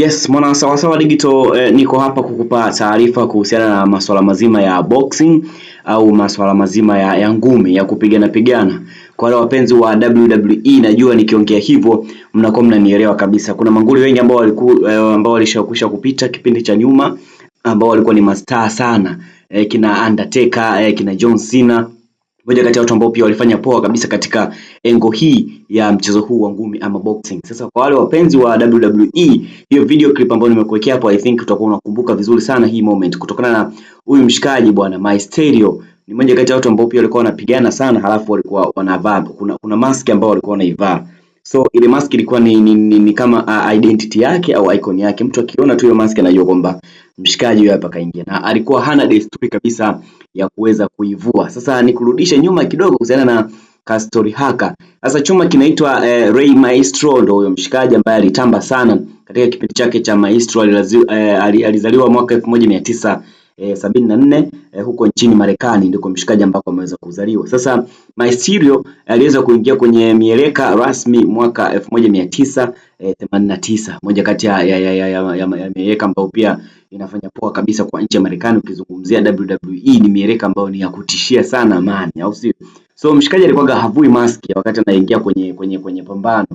Yes, mwana sawa sawa digital eh, niko hapa kukupa taarifa kuhusiana na masuala mazima ya boxing au masuala mazima ya, ya ngumi ya kupigana pigana. Kwa wale wapenzi wa WWE najua nikiongea hivyo mnakuwa mnanielewa kabisa. Kuna manguli wengi ambao walikuwa eh, ambao walishakwisha kupita kipindi cha nyuma ambao walikuwa ni mastaa sana eh, kina Undertaker eh, kina John Cena moja kati ya watu ambao pia walifanya poa kabisa katika engo hii ya mchezo huu wa ngumi ama boxing. Sasa kwa wale wapenzi wa WWE, hiyo video clip ambayo nimekuwekea hapo, I think utakuwa unakumbuka vizuri sana hii moment kutokana na huyu mshikaji bwana Mysterio ni moja kati ya watu ambao pia walikuwa wanapigana sana, halafu walikuwa wanavaa kuna, kuna mask ambao walikuwa wanaivaa so ile mask ilikuwa ni, ni, ni, ni kama uh, identity yake au icon yake. Mtu akiona tu hiyo mask anajua kwamba mshikaji huyo hapa kaingia, na alikuwa hana desturi kabisa ya kuweza kuivua. Sasa nikurudishe nyuma kidogo kuhusiana na Castori Haka. Sasa chuma kinaitwa eh, Ray Maestro ndio huyo mshikaji ambaye alitamba sana katika kipindi chake cha Maestro alilazi, eh, alizaliwa mwaka 1974 eh, eh, huko nchini Marekani ndiko mshikaji ambako ameweza kuzaliwa. Sasa Maestro aliweza kuingia kwenye mieleka rasmi mwaka elfu eh, tisa themanini na tisa moja kati ya, ya, ya, ya, ya, ya, ya mieleka ambayo pia inafanya poa kabisa kwa nchi ya Marekani. Ukizungumzia WWE ni miereka ambayo ni ya kutishia sana amani, au sio? So mshikaji alikuwa havui maski wakati anaingia kwenye kwenye kwenye pambano.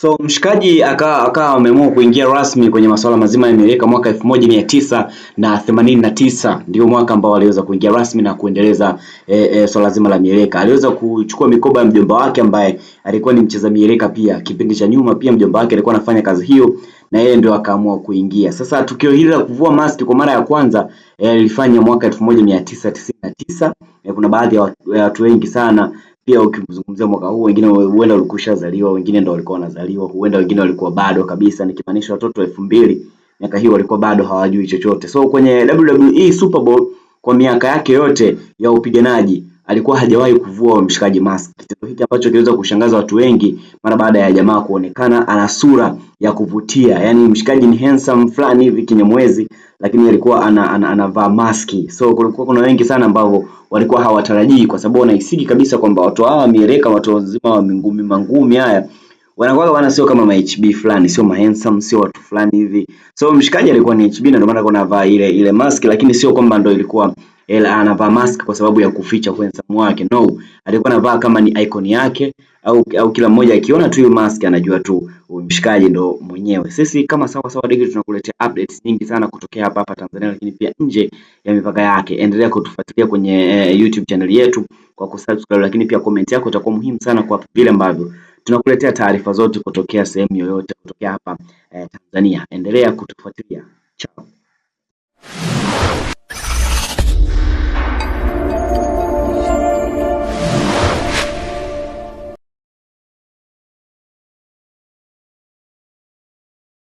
So mshikaji akawa akawa ameamua kuingia rasmi kwenye masuala mazima ya miereka mwaka elfu moja mia tisa na themanini na tisa ndio mwaka ambao aliweza kuingia rasmi na kuendeleza e, e, swala so zima la miereka. Aliweza kuchukua mikoba ya mjomba wake ambaye alikuwa ni mcheza miereka pia. Kipindi cha nyuma pia mjomba wake alikuwa anafanya kazi hiyo na yeye ndio akaamua kuingia. Sasa tukio hili la kuvua maski kwa mara ya kwanza eh, lilifanywa mwaka 1999 eh, kuna baadhi ya watu wengi sana pia ukimzungumzia mwaka huu, wengine huenda walikushazaliwa, wengine ndio walikuwa wanazaliwa, huenda wengine walikuwa bado kabisa, nikimaanisha watoto elfu mbili miaka hiyo walikuwa bado hawajui chochote. So kwenye WWE Super Bowl kwa miaka yake yote ya upiganaji alikuwa hajawahi kuvua mshikaji mask, kitendo hiki ambacho kiliweza kushangaza watu wengi mara baada ya jamaa kuonekana ana sura ya kuvutia, yani mshikaji ni handsome fulani hivi kinyamwezi, lakini alikuwa anavaa ana, ana, ana maski. So kulikuwa kuna wengi sana ambao walikuwa hawatarajii, kwa sababu wanahisiki kabisa kwamba watu hawa mieleka, watu wazima wa mingumi mangumi haya wanakuwa wana sio kama mahb fulani, sio mahandsome, sio watu fulani hivi. So mshikaji alikuwa ni hb na ndio maana anavaa ile ile mask, lakini sio kwamba ndio ilikuwa ila eh, anavaa mask kwa sababu ya kuficha uhandsome wake. No, alikuwa anavaa kama ni icon yake au, au kila mmoja akiona tu hiyo mask anajua tu mshikaji ndo mwenyewe. Sisi kama Sawa Sawa Digital tunakuletea updates nyingi sana kutokea hapa hapa Tanzania, lakini pia nje ya mipaka yake. Endelea kutufuatilia kwenye eh, YouTube channel yetu kwa kusubscribe, lakini pia comment yako itakuwa muhimu sana kwa vile ambavyo Tunakuletea taarifa zote kutokea sehemu yoyote kutokea hapa eh, Tanzania. Endelea kutufuatilia. Chao.